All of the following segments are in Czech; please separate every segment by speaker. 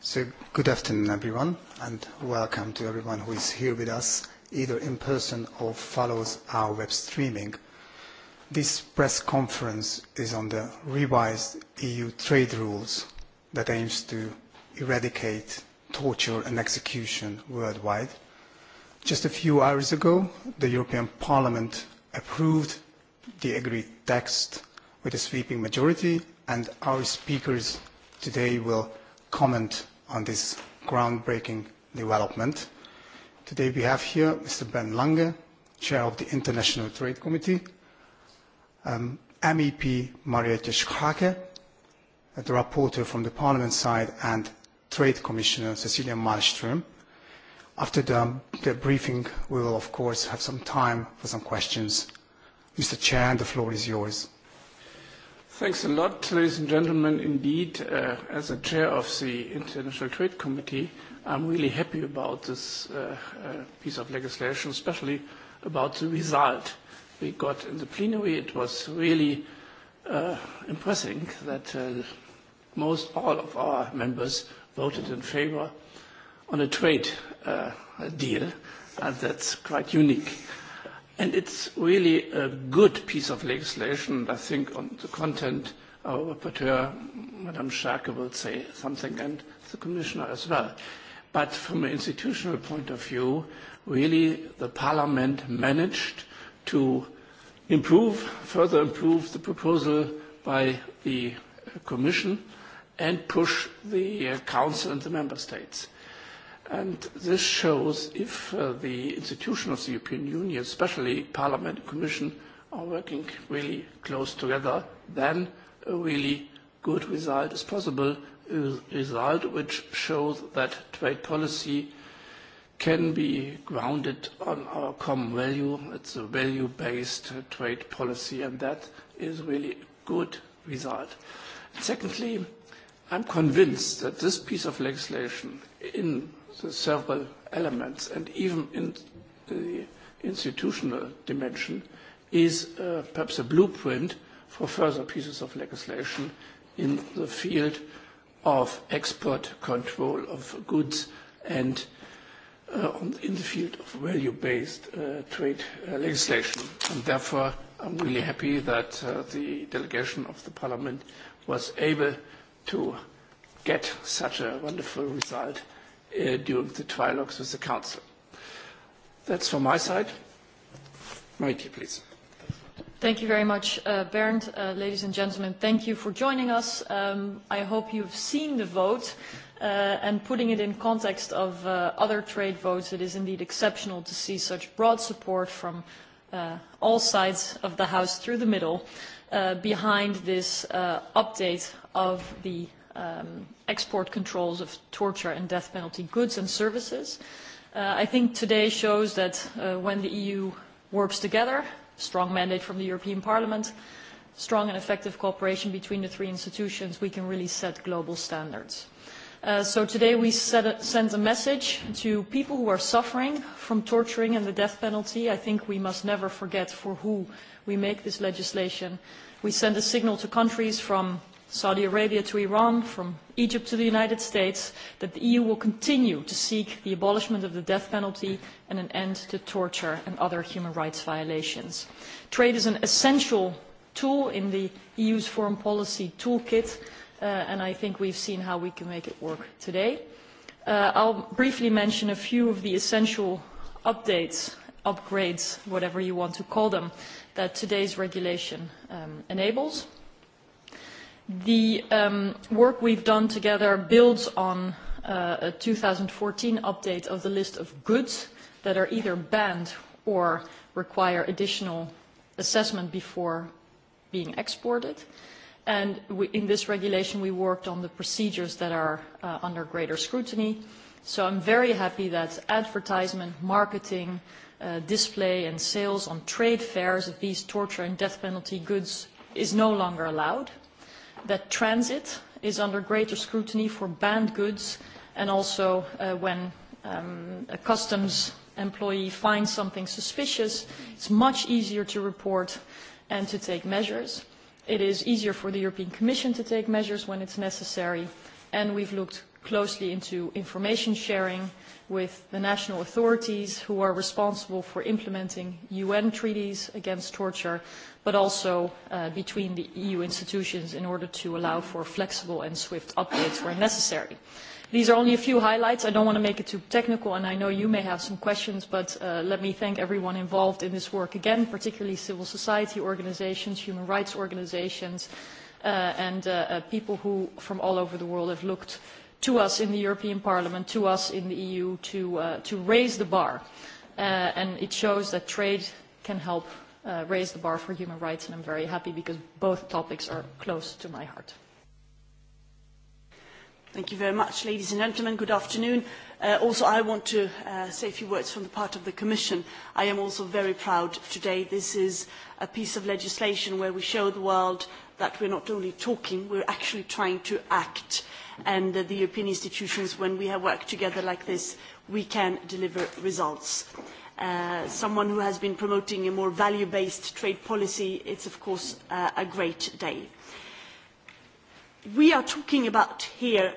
Speaker 1: So good afternoon, everyone, and welcome to everyone who is here with us, either in person or follows our web streaming. This press conference is on the revised EU trade rules that aims to eradicate torture and execution worldwide. Just a few hours ago, the European Parliament approved the agreed text with a sweeping majority, and our speakers today will comment on this groundbreaking development. Today we have here Mr. Ben Lange, Chair of the International Trade Committee, um, MEP Mariette Schaake, uh, the rapporteur from the Parliament side, and Trade Commissioner Cecilia Malmström. After the, the briefing, we will of course have some time for some questions. Mr. Chair, the floor is yours.
Speaker 2: Thanks a lot, ladies and gentlemen. Indeed, uh, as a chair of the International Trade Committee, I'm really happy about this uh, uh, piece of legislation, especially about the result we got in the plenary. It was really uh, impressive that uh, most all of our members voted in favor on a trade uh, deal, and that's quite unique. And it's really a good piece of legislation. I think on the content, our rapporteur, Madame Schaake, will say something, and the commissioner as well. But from an institutional point of view, really the parliament managed to improve, further improve the proposal by the commission and push the council and the member states. And this shows if uh, the institutions of the European Union, especially Parliament and Commission, are working really close together, then a really good result is possible, a result which shows that trade policy can be grounded on our common value. It's a value-based trade policy, and that is really a good result. Secondly, I'm convinced that this piece of legislation in the several elements and even in the institutional dimension is uh, perhaps a blueprint for further pieces of legislation in the field of export control of goods and uh, on, in the field of value-based uh, trade uh, legislation. And therefore, I'm really happy that uh, the delegation of the Parliament was able to get such a wonderful result uh, during the trilogues with the Council. That's from my side. Maite, please.
Speaker 3: Thank you very much, uh, Bernd. Uh, ladies and gentlemen, thank you for joining us. Um, I hope you've seen the vote. Uh, and putting it in context of uh, other trade votes, it is indeed exceptional to see such broad support from uh, all sides of the House through the middle uh, behind this uh, update of the um, export controls of torture and death penalty goods and services. Uh, I think today shows that uh, when the EU works together, strong mandate from the European Parliament, strong and effective cooperation between the three institutions, we can really set global standards. Uh, so today we set a message to people who are suffering from torturing and the death penalty. I think we must never forget for who we make this legislation. We send a signal to countries from Saudi Arabia to Iran, from Egypt to the United States, that the EU will continue to seek the abolishment of the death penalty and an end to torture and other human rights violations. Trade is an essential tool in the EU's foreign policy toolkit, uh, and I think we've seen how we can make it work today. Uh, I'll briefly mention a few of the essential updates, upgrades, whatever you want to call them, that today's regulation um, enables. The um, work we've done together builds on uh, a 2014 update of the list of goods that are either banned or require additional assessment before being exported. And we, in this regulation, we worked on the procedures that are uh, under greater scrutiny. So I'm very happy that advertisement, marketing, uh, display, and sales on trade fairs of these torture and death penalty goods is no longer allowed that transit is under greater scrutiny for banned goods and also uh, when um, a customs employee finds something suspicious, it's much easier to report and to take measures. It is easier for the European Commission to take measures when it's necessary, and we've looked closely into information sharing, with the national authorities who are responsible for implementing UN treaties against torture, but also uh, between the EU institutions in order to allow for flexible and swift updates where necessary. These are only a few highlights. I don't want to make it too technical, and I know you may have some questions, but uh, let me thank everyone involved in this work again, particularly civil society organizations, human rights organizations, uh, and uh, uh people who from all over the world have looked to us in the European Parliament, to us in the EU, to, uh, to raise the bar. Uh, and it shows that trade can help uh, raise the bar for human rights, and I'm very happy because both topics are close to my heart. Thank you very much, ladies and
Speaker 4: gentlemen. Good afternoon. Uh, also, I want to uh, say a few words from the part of the Commission. I am also very proud today. This is a piece of legislation where we show the world that we are not only talking, we are actually trying to act. And uh, the European institutions, when we have worked together like this, we can deliver results. Uh, someone who has been promoting a more value-based trade policy, it's of course uh, a great day. We are talking about here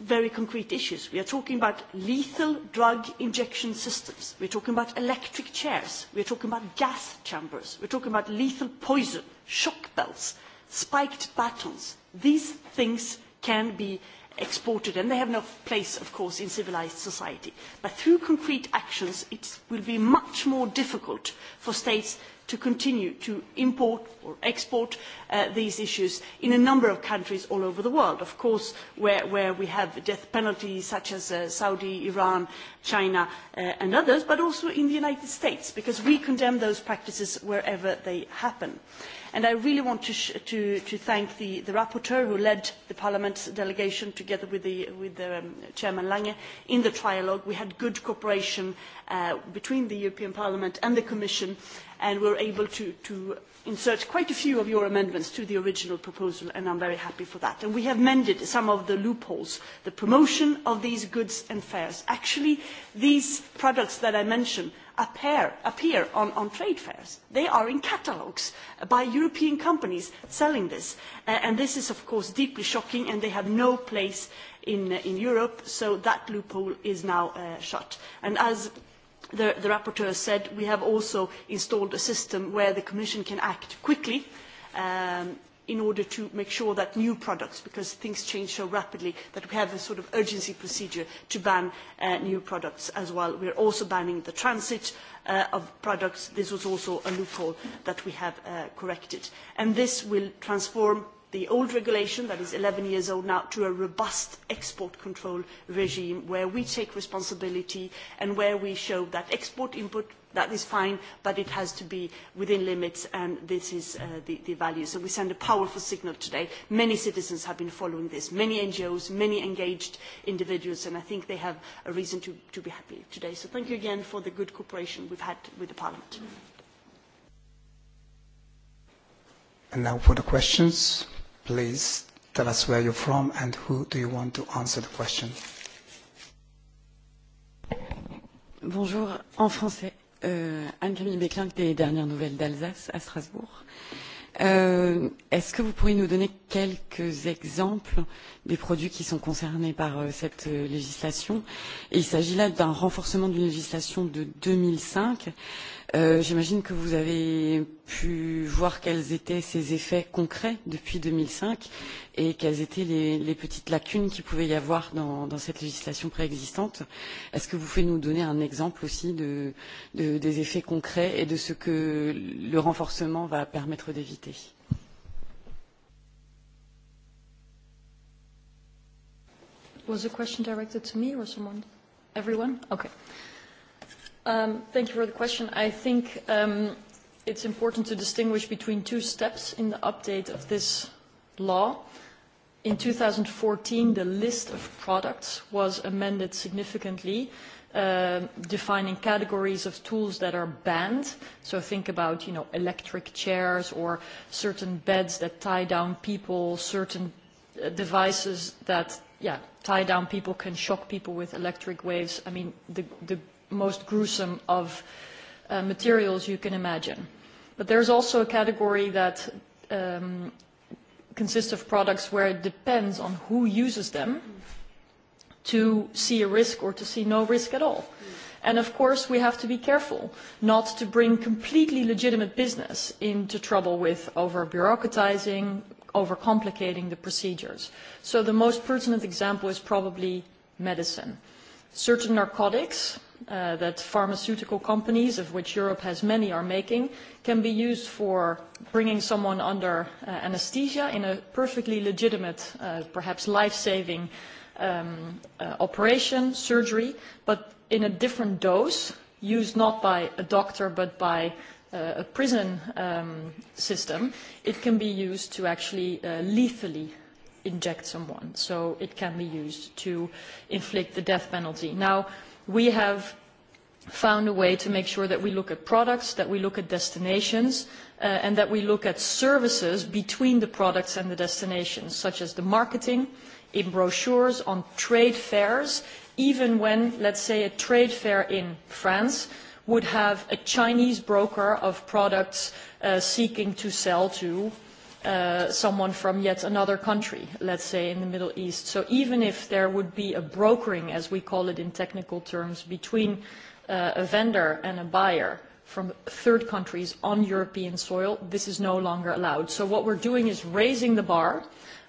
Speaker 4: very concrete issues. We are talking about lethal drug injection systems. We are talking about electric chairs. We are talking about gas chambers. We are talking about lethal poison, shock belts, spiked batons. These things can be exported, and they have no place, of course, in civilized society. But through concrete actions, it will be much more difficult for states to continue to import or export uh, these issues in a number of countries all over the world, of course, where, where we have death penalties such as uh, Saudi, Iran, China, uh, and others, but also in the United States, because we condemn those practices wherever they happen. Uh, and i really want to, thank the, rapporteur who led the parliament's delegation together with, the, um, chairman lange in the trialogue. we had good cooperation uh, between the european parliament and the commission and we were able to, to insert quite a few of your amendments to the original proposal and i am very happy for that. And we have mended some of the loopholes the promotion of these goods and fairs actually these products that i mentioned appear, appear on, on trade fairs they are in catalogues by european companies selling this and this is of course deeply shocking and they have no place in, in europe so that loophole is now uh, shut. And as the, rapporteur said, we have also installed a system where the Commission can act quickly um, in order to make sure that new products, because things change so rapidly, that we have a sort of urgency procedure to ban uh, new products as well. We are also banning the transit uh, of products. This was also a loophole that we have uh, corrected. And this will transform the old regulation that is eleven years old now to a robust export control regime where we take responsibility and where we show that export input that is fine but it has to be within limits and this is uh, the, the value. So we send a powerful signal today. Many citizens have been following this, many NGOs, many engaged individuals and I think they have a reason to, to be happy today. So thank you again for the good cooperation we've had with the Parliament.
Speaker 1: And now for the questions. Please tell us where you're from and who do you want to answer the question.
Speaker 5: Bonjour, en français. Euh, Anne-Camille Béclin, des dernières nouvelles d'Alsace à Strasbourg. Euh, Est-ce que vous pourriez nous donner quelques exemples des produits qui sont concernés par euh, cette euh, législation. Et il s'agit là d'un renforcement d'une législation de 2005. Euh, J'imagine que vous avez pu voir quels étaient ses effets concrets depuis 2005 et quelles étaient les, les petites lacunes qu'il pouvait y avoir dans, dans cette législation préexistante. Est-ce que vous pouvez nous donner un exemple aussi de, de, des effets concrets et de ce que le renforcement va permettre d'éviter
Speaker 3: Was the question directed to me or someone? Everyone? Okay. Um, thank you for the question. I think um, it's important to distinguish between two steps in the update of this law. In 2014, the list of products was amended significantly, uh, defining categories of tools that are banned. So think about, you know, electric chairs or certain beds that tie down people, certain uh, devices that yeah, tie down people, can shock people with electric waves. I mean, the, the most gruesome of uh, materials you can imagine. But there's also a category that um, consists of products where it depends on who uses them to see a risk or to see no risk at all. And of course, we have to be careful not to bring completely legitimate business into trouble with over bureaucratizing, overcomplicating the procedures. So the most pertinent example is probably medicine. Certain narcotics uh, that pharmaceutical companies, of which Europe has many, are making, can be used for bringing someone under uh, anesthesia in a perfectly legitimate, uh, perhaps life-saving um, uh, operation, surgery, but in a different dose, used not by a doctor but by uh, a prison um, system, it can be used to actually uh, lethally inject someone. So it can be used to inflict the death penalty. Now, we have found a way to make sure that we look at products, that we look at destinations, uh, and that we look at services between the products and the destinations, such as the marketing, in brochures, on trade fairs, even when, let's say, a trade fair in France would have a Chinese broker of products uh, seeking to sell to uh, someone from yet another country, let's say in the Middle East. So even if there would be a brokering, as we call it in technical terms, between uh, a vendor and a buyer, from third countries on European soil, this is no longer allowed. So what we're doing is raising the bar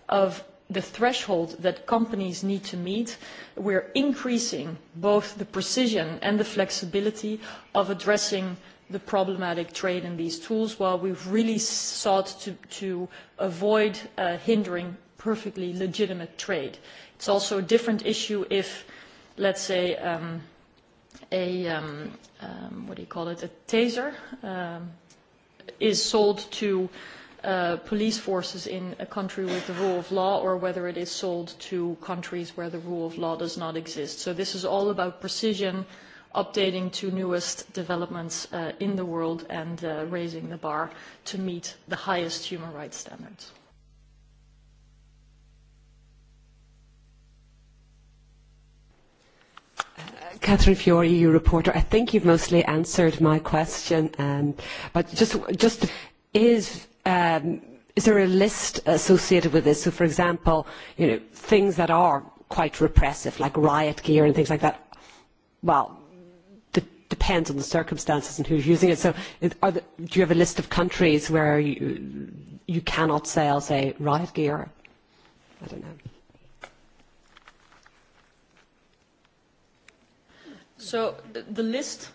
Speaker 3: of the threshold that companies need to meet, we're increasing both the precision and the flexibility of addressing the problematic trade in these tools, while we've really sought to, to avoid uh, hindering perfectly legitimate trade. It's also a different issue if, let's say, um, a, um, um, what do you call it, a taser um, is sold to uh, Uh, police forces in a country with the rule of law or whether it is sold to countries where the rule of law does not exist. So this is all about precision, updating to newest developments uh, in the world and uh, raising the bar to meet the highest human rights standards.
Speaker 4: Uh, Catherine Fiore, EU reporter. I think you've mostly answered my question, um, but just just is um, is there a list associated with this? So, for example, you know, things that are quite repressive, like riot gear and things like that. Well, it depends on the circumstances and who's using it. So, are the, do you have a list of countries where you, you cannot sell, say, riot gear? I don't know.
Speaker 3: So the, the list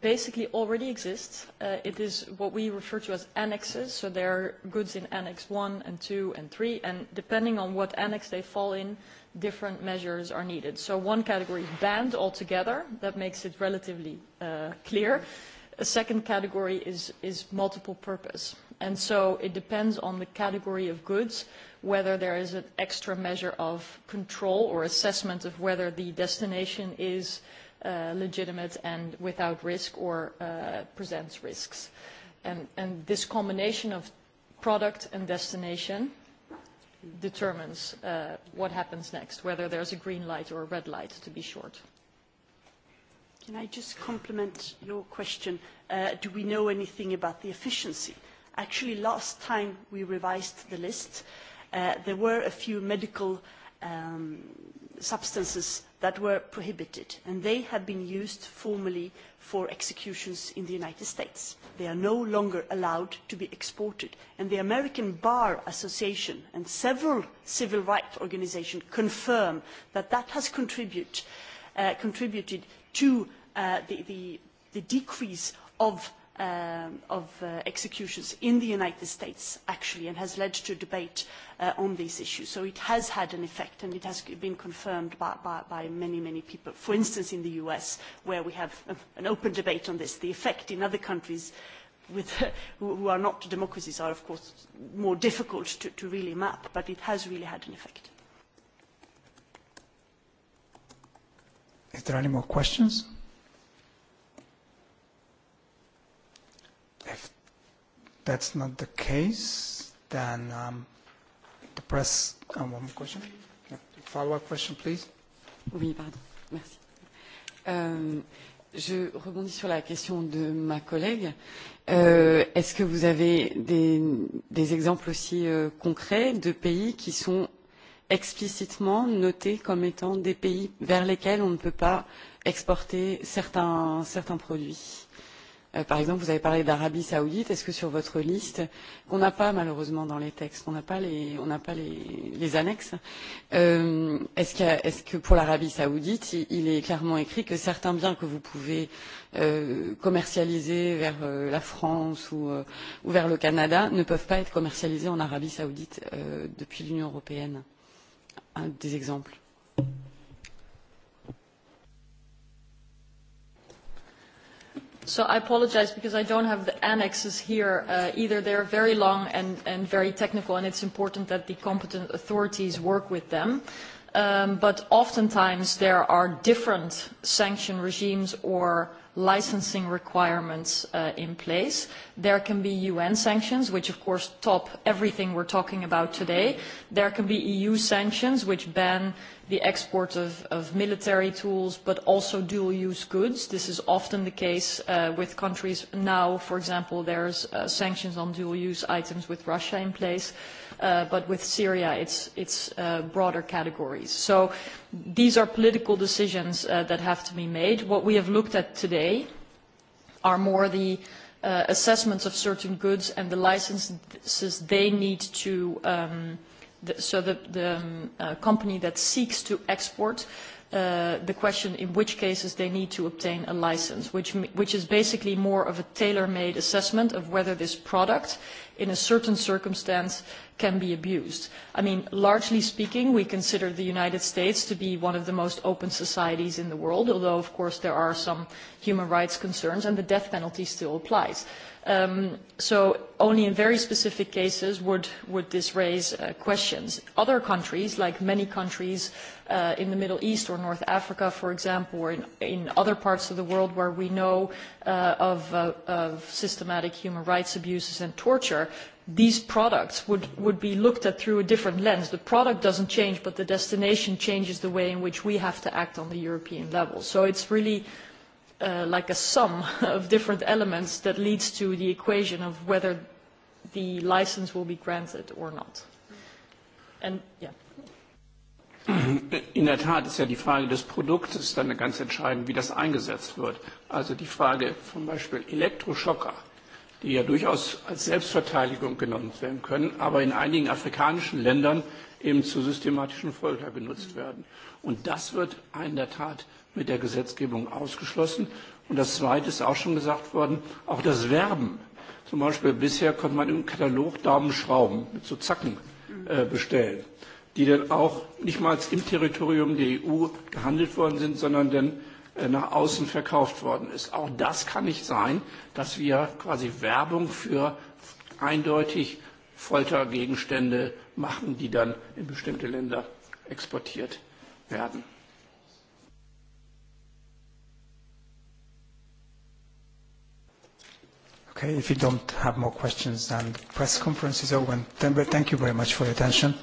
Speaker 3: basically already exists. Uh, it is what we refer to as annexes, so there are goods in Annex 1 and 2 and 3, and depending on what annex they fall in, different measures are needed. So one category is banned altogether. That makes it relatively uh, clear. A second category is, is multiple purpose. And so it depends on the category of goods, whether there is an extra measure of control or assessment of whether the destination is uh, Uh, legitimate and without risk or uh, presents risks. And, this combination of product and destination determines uh, what happens next, whether there's a green light or a red light, to be short.
Speaker 4: Can I just complement
Speaker 3: your question?
Speaker 4: do we know anything about the efficiency? Actually, last time we revised the list, there were a few medical um, substances that were prohibited, and they have been used formally for executions in the United States. They are no longer allowed to be exported, and the American Bar Association and several civil rights organisations confirm that that has uh, contributed to uh, the, the decrease of Uh, of uh, executions in the United States, actually, and has led to debate uh, on these issues. So it has had an effect, and it has been confirmed by, by, by many, many people. For instance, in the US, where we have uh, an open debate on this, the effect in other countries with, who are not democracies are, of course, more difficult to, to really map, but it has really had an effect.
Speaker 1: If there are any more questions? that's not the case, then
Speaker 5: um, the press. Um, one more question. Follow-up question, please. Oui, pardon. Merci. Euh, je rebondis sur la question de ma collègue. Euh, Est-ce que vous avez des, des exemples aussi euh, concrets de pays qui sont explicitement notés comme étant des pays vers lesquels on ne peut pas exporter certains, certains produits euh, Euh, par exemple, vous avez parlé d'Arabie Saoudite. Est-ce que sur votre liste, qu'on n'a pas malheureusement dans les textes, on n'a pas les, on n'a pas les, les annexes, euh, est-ce, qu est-ce que pour l'Arabie Saoudite, il, il est clairement écrit que certains biens que vous pouvez euh, commercialiser vers euh, la France ou, euh, ou vers le Canada ne peuvent pas être commercialisés en Arabie Saoudite euh, depuis l'Union européenne Un des exemples. So I
Speaker 3: apologize because I don't have the annexes here uh, either. They're very long and, and very technical, and it's important that the competent authorities work with them. Um, but oftentimes there are different sanction regimes or licensing requirements uh, in place. There can be UN sanctions, which of course top everything we're talking about today. There can be EU sanctions, which ban the export of, of military tools, but also dual-use goods. This is often the case uh, with countries now. For example, there's uh, sanctions on dual-use items with Russia in place uh, but with Syria it's, it's uh, broader categories. So these are political decisions uh, that have to be made. What we have looked at today are more the uh, assessments of certain goods and the licenses they need to, um, the, so the, the um, uh, company that seeks to export Uh, the question in which cases they need to obtain a license, which, which is basically more of a tailor-made assessment of whether this product in a certain circumstance can be abused. I mean, largely speaking, we consider the United States to be one of the most open societies in the world, although, of course, there are some human rights concerns, and the death penalty still applies. Um, so only in very specific cases would, would this raise uh, questions. Other countries, like many countries uh, in the Middle East or North Africa, for example, or in, in other parts of the world where we know uh, of, uh, of systematic human rights abuses and torture, these products would, would be looked at through a different lens. The product doesn't change, but the destination changes the way in which we have to act on the European level. So it's really uh, like a sum of different elements that leads to the equation of whether the license will be granted or not. And, yeah.
Speaker 2: In der Tat ist ja die Frage des Produktes dann ganz entscheidend, wie das eingesetzt wird. Also die Frage zum Beispiel Elektroschocker die ja durchaus als Selbstverteidigung genommen werden können, aber in einigen afrikanischen Ländern eben zur systematischen Folter genutzt werden. Und das wird in der Tat mit der Gesetzgebung ausgeschlossen. Und das Zweite ist auch schon gesagt worden, auch das Werben. Zum Beispiel bisher konnte man im Katalog Daumenschrauben mit so Zacken äh, bestellen, die dann auch nicht mal im Territorium der EU gehandelt worden sind, sondern dann Äh, nach außen verkauft worden ist. Auch das kann nicht sein, dass wir quasi Werbung für eindeutig Foltergegenstände machen, die dann in bestimmte Länder exportiert werden.
Speaker 1: Okay, if you don't have more questions, then the press conference is over. Thank you very much for your attention.